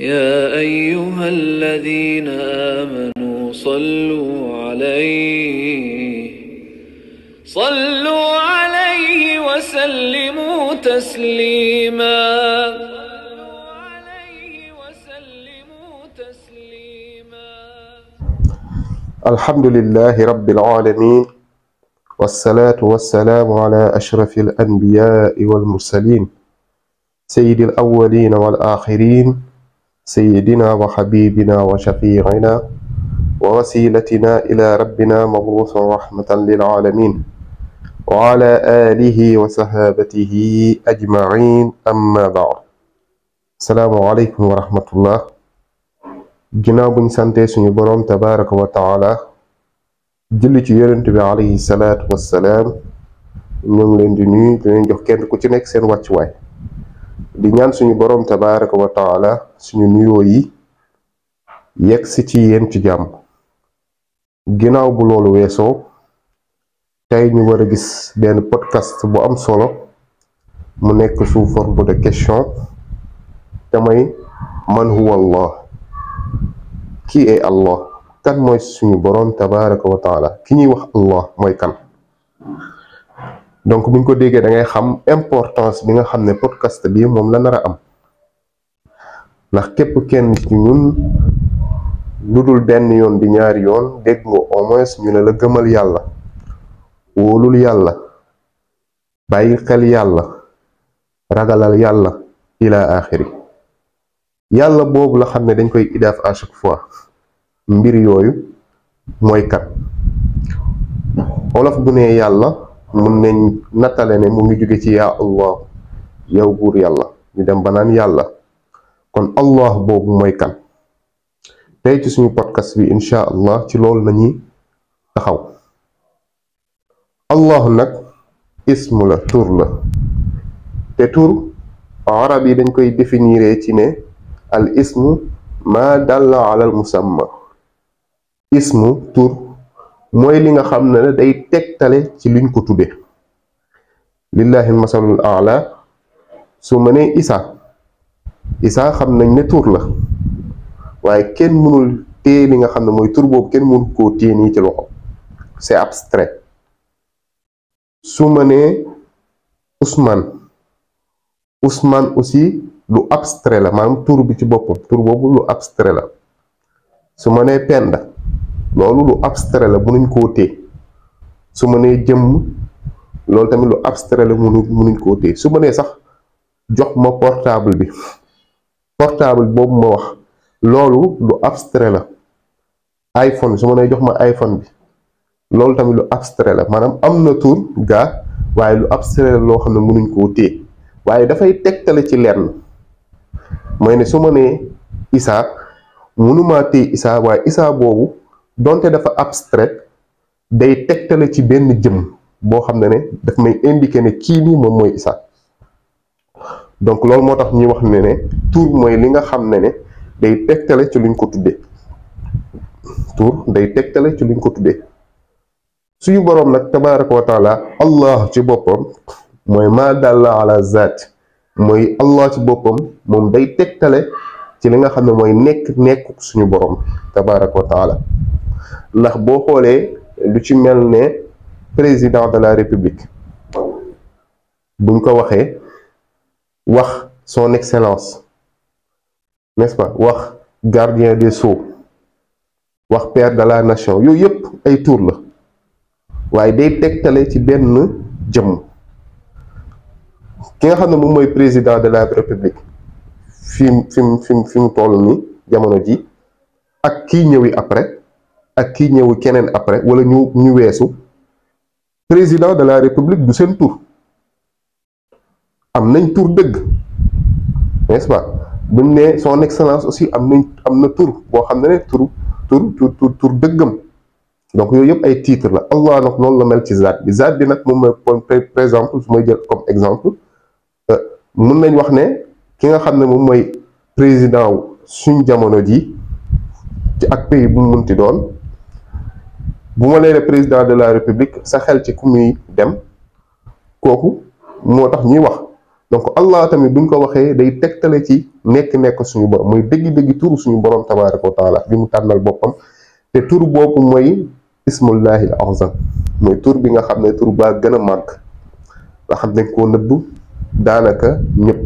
يا أيها الذين آمنوا صلوا عليه صلوا عليه وسلموا تسليما الحمد لله رب العالمين والصلاة والسلام على أشرف الأنبياء والمرسلين سيد الأولين والآخرين سيدنا وحبيبنا وشفيعنا ووسيلتنا إلى ربنا مبعوث رحمة للعالمين وعلى آله وصحابته أجمعين أما بعد السلام عليكم ورحمة الله ginnaaw buñ sante suñu boroom tabaraka wa taala julli ci yonent bi alayhi salaatu wassalaam ñoo ngi leen di nuyu di leen jox kenn ku ci nekk seen wàccuwaay di ñaan suñu boroom tabaraka wa taala suñu nuyoo yi yegg si ci yéen ci jàmm ginnaaw bu loolu weesoo tey ñu war a gis benn podcast bu am solo mu nekk sous forme de question te may man huwa allah kii est allah kan mooy suñu boroom tabaraka wa taala ki ñuy wax allah mooy kan donc buñ ko déggee dangay xam importance bi nga xam ne podcast bi moom la nara am ndax képp kenn ci ñun lu dul benn yoon di ñaari yoon dégg nga au moins ñu ne la gëmal yàlla wóolul yàlla bàyyi xel yàlla ragalal yàlla ila axiri yàlla boobu la xam ne dañ koy idaaf à chaque fois mbir yooyu mooy kat wolof bu ne yàlla mun nañ nattale ne mu ngi jóge ci yaa allah yow buur yàlla ñu dem ba naan yàlla kon allah boobu mooy kan tey ci suñu podcast bi incha allah ci loolu lañuy taxaw allahu nag ismu la tur la te tur arab yi dañ koy définir ci ne al ismu ma dalla ala musamma ismu tur mooy li nga xam ne day tegtale ci luñ ko tudde lillahi masalul ala su ma nee isa isa xam nañ ne tur la waaye kenn mënul téye li nga xam ne mooy tur boobu kenn mënul koo téye nii ci loxo c'est abstrait su ma nee Ousmane Ousmane aussi lu abstrait la maanaam tur bi ci boppam tur boobu lu abstrait la su ma pen Penda loolu lu abstrait la nuñ koo téye su ma nee jëmm loolu tamit lu abstrait la mënu mënuñ koo téye su ma sax jox ma portable bi portable boobu ma lu abstrait la iPhone su ma nee jox ma iPhone bi loolu tamit lu abstrait la maanaam am na tur gaa waaye lu abstrait la loo xam ne mënuñ koo téye waaye dafay tegtale ci lenn may ne su ma nee Issa mënumaa téye Issa waaye Issa boobu donte dafa abstrait day tegtale ci benn jëm boo xam ne ne daf may indiquer ne kii nii moom mooy Issa donc loolu moo tax ñuy wax ne ne tur mooy li nga xam ne ne day tegtale ci luñ ko tuddee tur day tegtale ci luñ ko tuddee suñu boroom nag tabaraka wa taala allah ci boppam mooy maa dalla ala zaat mooy allah ci boppam moom day tegtale ci li nga xam ne mooy nekk nekk suñu boroom tabaraka wa taala ndax boo xoolee lu ci mel ne président de la république buñ ko waxee wax son excellence n'est-ce pas wax gardien de sceaux wax père de la nation yooyu yëpp ay tour la waaye day tegtale ci benn jëmm ki nga xam ne moom mooy président de la république fi fi mu fi mu toll nii jamono ji ak kii ñëwi après ak kii ñëwu keneen après wala ñu ñu weesu président de la république du seen tur am nañ tur dëgg n'est-ce pas buñ ne son excellence aussi am nañ am na tur boo xam ne ne tur tur tur tur dëggam donc yooyu yëpp ay titre la allah nag noonu la mel ci zaat bi zaat bi nag moom mooy par exemple su may jël comme exemple euh, mun nañ wax ne ki xam ne moom mooy président suñ jamono ji ci ak pays bu mun munti doon bu ma leen président de la république sa xel ci ku muy dem kooku moo tax ñuy wax donc allah tamit buñ ko waxee day tegtale ci nekk-nekk suñu borom mooy dëgg-dëgg turu suñu borom tabaaraka wa taala bi mu tànnal boppam te tur boobu mooy ismullahil azam mooy tur bi nga xam ne tur baa gën a màgg nga xam dañ koo nëbb daanaka ñëpp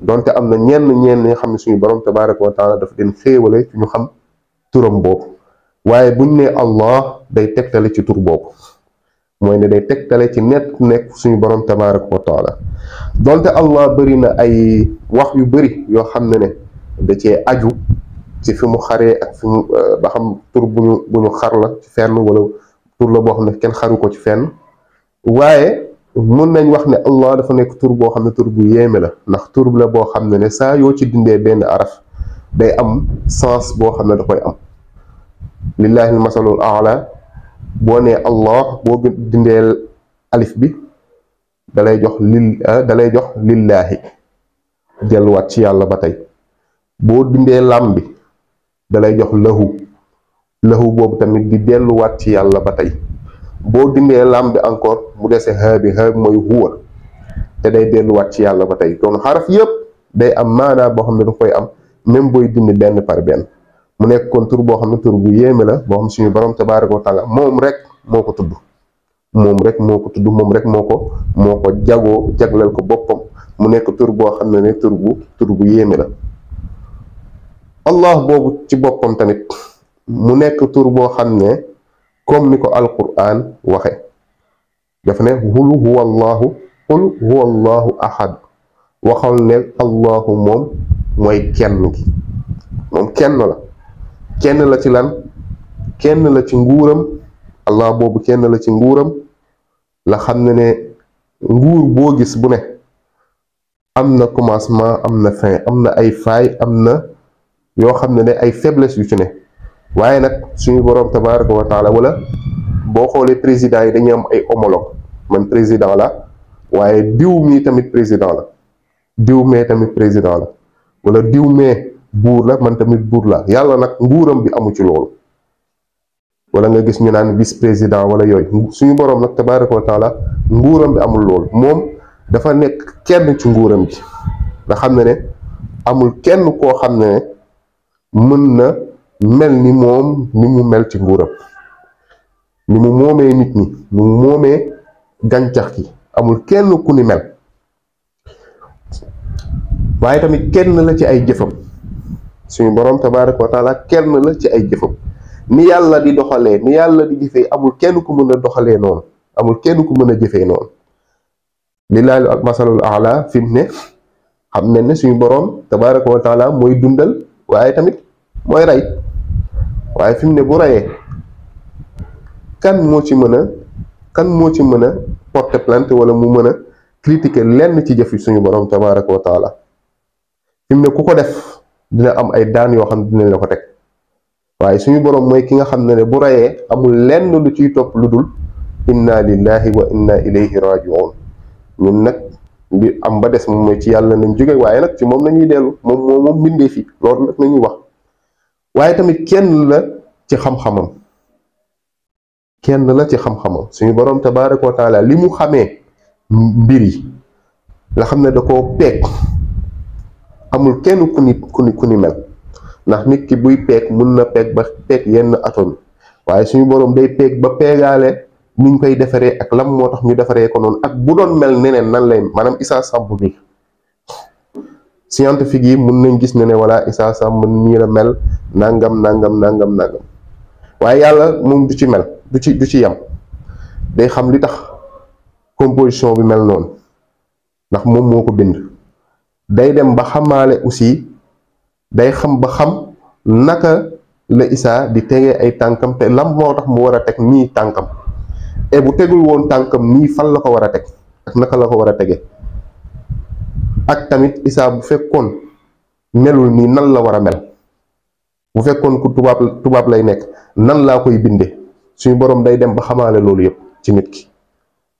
donte am na ñenn ñeen ñi nga xam ne suñu borom tabaaraka wa taala dafa leen xéewale ci ñu xam turam boobu waaye buñ ne allah day tegtale ci tur boobu mooy ne day tegtale ci net nekk suñu borom tabaraka wa taala donte allah bëri na ay wax yu bëri yoo xam ne ne da cee aju ci fi mu xaree ak fi mu euh, ba xam tur bu ñu bu ñu xar la ci fenn wala tur la boo xam ne kenn xaru ko ci fenn waaye mun nañ wax ne allah dafa nekk tur boo xam ne tur bu yéeme la ndax tur la boo xam ne ne saa yoo ci dindee benn araf day am sens boo xam ne da koy am lillahi masalul ala boo nee allah boo dindeel alif bi dalay jox lil ah, dalay jox lillaahi delluwaat ci yàlla ba tey boo dindee lam bi dalay jox lahu lahu boobu tamit di delluwaat ci yàlla ba tey boo dindee lam bi encore mu dese haa bi haa bi mooy huwa te day delluwaat ci yàlla ba tey kon xaraf yépp day am maanaa boo xam ne daf koy am même booy dindi benn par benn mu nekk tur boo xam ne tur bu yéeme la boo suñu borom tabaaraka wa taala moom rek moo ko tudd moom rek moo tudd moom rek moo ko moo ko jagoo jagleel ko boppam mu nekk tur boo xam ne ne tur bu tur bu yéeme la allah boobu ci boppam tamit mu nekk tur boo xam ne comme ni ko alquran waxe dafa ne xul huwa allahu xul huwa ahad waxal ne allahu moom mooy kenn gi moom kenn la kenn la ci lan kenn la ci nguuram allah boobu kenn la ci nguuram la xam ne ne nguur boo gis bu ne am na commencement am na fin am na ay faay am na yoo xam ne ne ay faiblesse yu ci ne waaye nag suñu boroom tabaraka wa taala wala boo xoolee président yi dañu am ay homologue man président la waaye diw mii tamit président la diw mais tamit président la wala diw mee buur la man tamit buur la yàlla nag nguuram bi amu ci loolu wala nga gis ñu naan vice président wala yooyu suñu boroom nag tabaaraka wa taala nguuram bi amul loolu moom dafa nekk kenn ci nguuram bi nga xam ne amul kenn koo xam ne mën na mel ni moom ni mu mel ci nguuram mu moomee nit ñi ni mu moomee gàncax gi amul kenn ku ni mel waaye tamit kenn la ci ay jëfam suñu borom tabaaraka wa taala kenn la ci ay jëfam ni yàlla di doxalee ni yàlla di jëfee amul kenn ku mën a doxalee noonu amul kenn ku mën a jëfee noonu lillaahi ak masalul ala fi mu ne xam nañ ni suñu boroom tabaaraka wa mooy dundal waaye tamit mooy rey waaye fi mu ne bu reyee kan moo ci mën a kan moo ci mën a porter plainte wala mu mën a critiquer lenn ci jëf suñu borom tabaaraka wa taala ne ku ko def. dina am ay daan yoo xam ne dinañ la ko teg waaye suñu boroom mooy ki nga xam ne ne bu rayee amul lenn lu ciy topp lu dul inna lillahi wa nag am ba des ci yàlla nañ jóge waaye nag ci moom nañuy dellu moom moom moom fii fi loolu nag nañuy wax waaye tamit kenn la ci xam-xamam kenn la ci xam-xamam suñu boroom tabaraka wa taala li mu xamee mbir yi la xam ne da koo peeg amul kenn ku ni ku ni mel ndax nit ki buy peeg mun na peeg ba peeg yenn atome waaye suñu boroom day peeg ba peegaale niñ koy defaree ak lam moo tax ñu defaree ko noonu ak bu doon mel neneen nan lay maanaam Issa Samb bi scientifique yi mun nañ gis ne ne wala Issa Samb nii la mel nangam nangam nangam nangam waaye yàlla moom du ci mel du ci du ci yem day xam li tax composition bi mel noonu ndax moom moo ko bind day dem ba xamaale aussi day xam ba xam naka la Issa di tegee ay tànkam te lam moo tax mu war a teg nii tànkam et bu tegul woon tànkam nii fan la ko war a teg ak naka la ko war a tege ak tamit Issa bu fekkoon melul nii nan la war a mel bu fekkoon ku tubaab tubaab lay nekk nan laa koy bindee suñu boroom day dem ba xamaale loolu yépp ci nit ki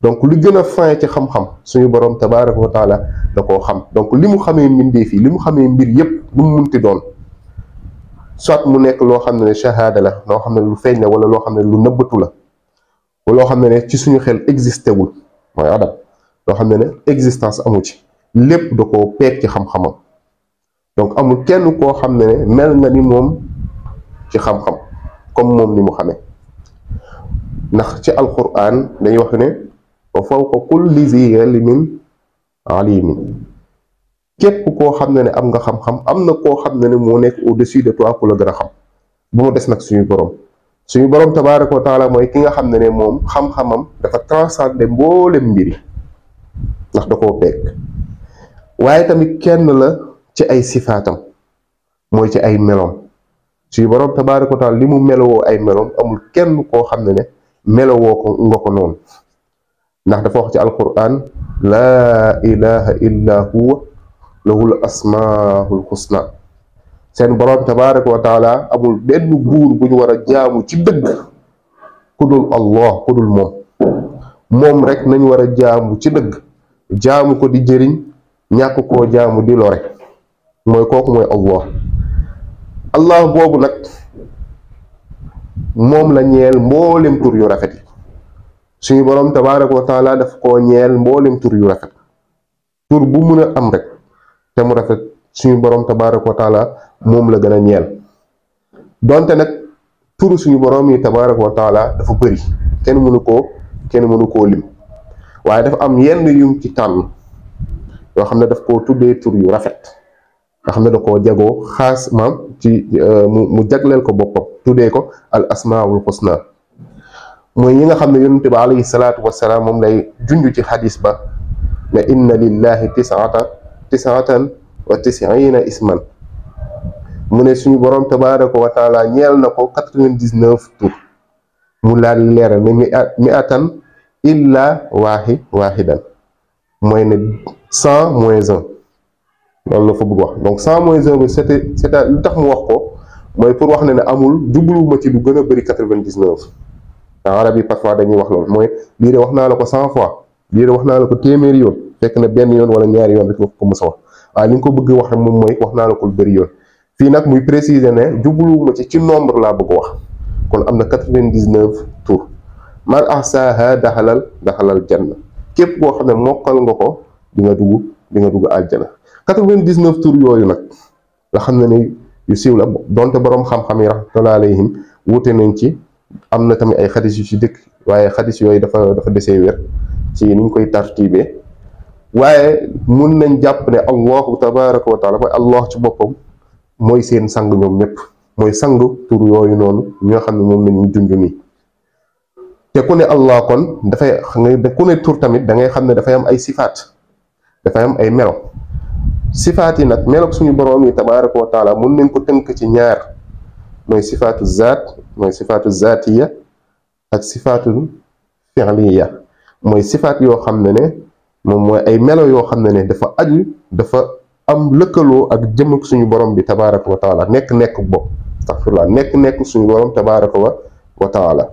donc lu gën a fin ci xam-xam suñu borom tabaaraka wa taala da koo xam donc li mu xamee mbindeef fii li mu xamee mbir yépp lu mu ti doon soit mu nekk loo xam ne ne shahada la loo xam ne lu feeñ la wala loo xam ne lu nëbbatu la wala loo xam ne ne ci suñu xel existé wul mooy adam loo xam ne ne existence amul ci lépp da ko peeg ci xam-xamam donc amul kenn koo xam ne ne mel nga ni moom ci xam-xam comme moom ni mu xamee ndax ci alquran dañuy wax wa fawqa kulli zi ilmin alimin képp koo xam ne ne am nga xam-xam am na koo xam ne ne moo nekk au-dessus de a xam ba des nag suñu borom suñu borom tabaaraka ko taala mooy ki nga xam ne ne moom xam-xamam dafa transcender mboolem mbiri ndax dakoo koo waaye tamit kenn la ci ay sifaatam mooy ci ay meloom suñu borom tabaare ko taala li mu melowoo ay meloom amul kenn koo xam ne ne melowoo ko nga ko noonu ndax dafa wax ci alquran laa ilaha illa huwa lahul asmaahul husna seen borom tabaraka wa taala amul benn buur bu ñu war a jaamu ci dëgg ku dul allah ku dul moom moom rek nañ war a jaamu ci dëgg jaamu ko di jëriñ ñàkk ko jaamu di lore mooy kooku mooy allah allah boobu nag moom la ñeel mboolem tur yu rafet yi suñu borom tabaaraka wa taala daf koo ñeel mboolem tur yu rafet tur bu mën a am rek te mu rafet suñu borom tabaaraka wa taala moom la gën a ñeel donte nag tur suñu borom yi tabaaraka wa taala dafa bëri kenn mënu ko kenn mënu koo lim waaye dafa am yenn yum ci tànn yoo xam ne daf koo tuddee tur yu rafet nga xam ne da koo jagoo xaas maam ci euh, mu mu jagleel ko boppam tuddee ko al asmaawul xusna mooy ñi nga xam ne yonente ba alayhi salaatu wasalaam moom lay junj ci xadis ba ne inna lillahi tisaata tisaatan wa tisiina isman mu ne suñu borom tabaraka wa taala ñeel na ko quatre-vingt-dix-neuf tur mu laal leeral ne mi atan illa waaxi waaxidan mooy ne cent moins un loolu la fa bëgg wax donc cent moins un bi c'était c'était lu tax mu wax ko mooy pour wax ne ne amul jubluwuma ci lu gën a bëri quatre-vingt-dix-neuf arab yi parfois dañuy wax loolu mooy lii de wax naa la ko cent fois lii de wax naa la ko téeméeri na benn yoon wala ñaari yoon rek nga ko a ko bëgg wax rek moom mooy wax naa la ko lu fii nag muy préciser ne jubluwuma ci ci laa bëgg wax kon am na quatre-vingt-dix-neuf tour man ahsaaha daxalal daxalal janna képp koo xam ne mokkal nga ko di nga dugg di nga dugg aljana quatre-vingt-dix-neuf tour yooyu nag la xam ne ni yu siiw la donte boroom xam-xam yi rahmatullahi alayhim wuute nañ ci am na tamit ay xadis yu ci dëkk waaye xadis yooyu dafa dafa desee wér ci ni koy tartibe waaye mun nañ jàpp ne allahu tabaraka wa taala mooy allah ci boppam mooy seen sang ñoom ñëpp mooy sang tur yooyu noonu ñoo xam ne moom la ñuy nii te ku ne allah kon dafay ku ne tur tamit da ngay xam ne dafay am ay sifaat dafay am ay melo sifaat yi nag melo suñu boroom yi tabaraka wa taala mun nañ ko tënk ci ñaar mooy sifaatu zaat mooy sifaatu ya ak sifaatu fi'liya mooy sifaat yoo xam ne ne moom mooy ay melo yoo xam ne ne dafa aju dafa am lëkkaloo ak jëm suñu borom bi tabaaraka wa taala nekk-nekk bopp astaghfirullah nekk-nekk suñu borom tabaaraka wa taala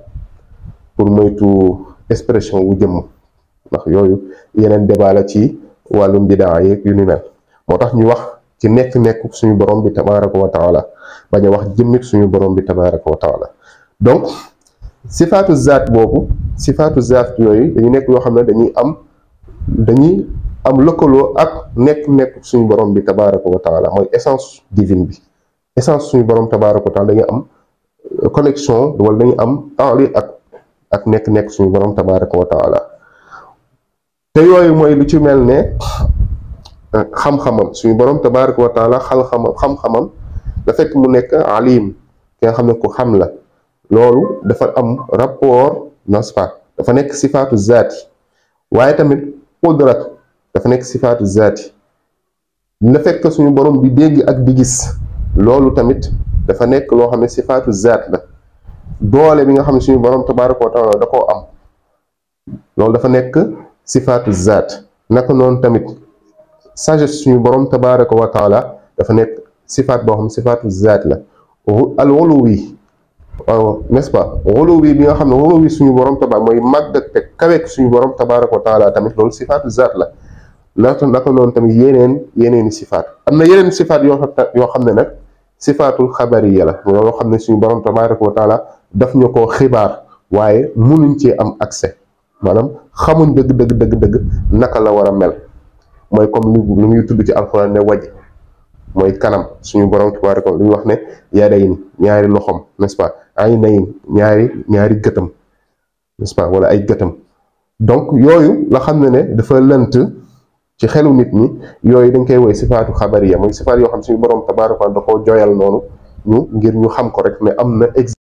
pour moytu expression bu jëmm ndax yooyu yeneen débat la ci wàllum bidaa yeeg yu ni mel moo tax ñu wax. ci nekk nekk suñu borom bi tabaraka wa taala bañ a wax jëmmit suñu borom bi tabaraka wa taala donc sifaatu zaat boobu si sifaatu zaat yooyu dañu nekk yoo xam ne dañuy am dañuy am lëkkaloo ak nekk nekk suñu borom bi tabaraka wa taala mooy essence divine bi essence suñu borom tabaraka dañuy am euh, connexion wala dañuy am taali ak ak nekk nekk suñu borom tabaraka wa te yooyu mooy lu ci mel ne xam-xamam suñu borom tabaraka wa taala xal-xamam xam-xamam da fekk mu nekk alim ki nga xam ne ko xam la loolu dafa am rapport nest dafa nekk sifaatu zaati waaye tamit qudratu dafa nekk sifaatu zaati na fekk suñu borom bi dégg ak bi gis loolu tamit dafa nekk loo xam ne sifaatu zaat la boole bi nga xam ne suñu borom tabaraka wa taala da koo am loolu dafa nekk sifaatu zaat naka noonu tamit sagesse suñu borom tabaraka wa taala dafa nekk sifaat boo xam sifaatu zaat la al uluwi waaw euh, n'est-ce pas uluwi nga xam ne uluwi suñu borom tabaar mooy màgg ak te kaweek suñu borom tabaraka wa taala tamit loolu sifaatu zaat la naka naka noonu tamit yeneen yeneeni sifaat am na yeneen sifaat yoo xam yoo xam ne nag sifaatul xabariya la yoo xam ne suñu borom tabaraka wa taala daf ñu koo xibaar waaye munuñ cee am accès maanaam xamuñ dëgg dëgg dëgg dëgg naka la war a mel mooy comme lu muy tudd ci alxuraan ne waj mooy kanam suñu borom tubaarikam lu ñu wax ne yadayin ñaari loxom n'est-ce pas ay nayin ñaari ñaari gëtam n'est-ce wala ay gëtam donc yooyu la xam ne ne dafa lënt ci xelu nit ñi yooyu dañ koy woy sifaatu xabariya mooy sifaat yoo xam suñu borom tabaaraka da koo joyal noonu ñu ngir ñu xam ko rek ne am na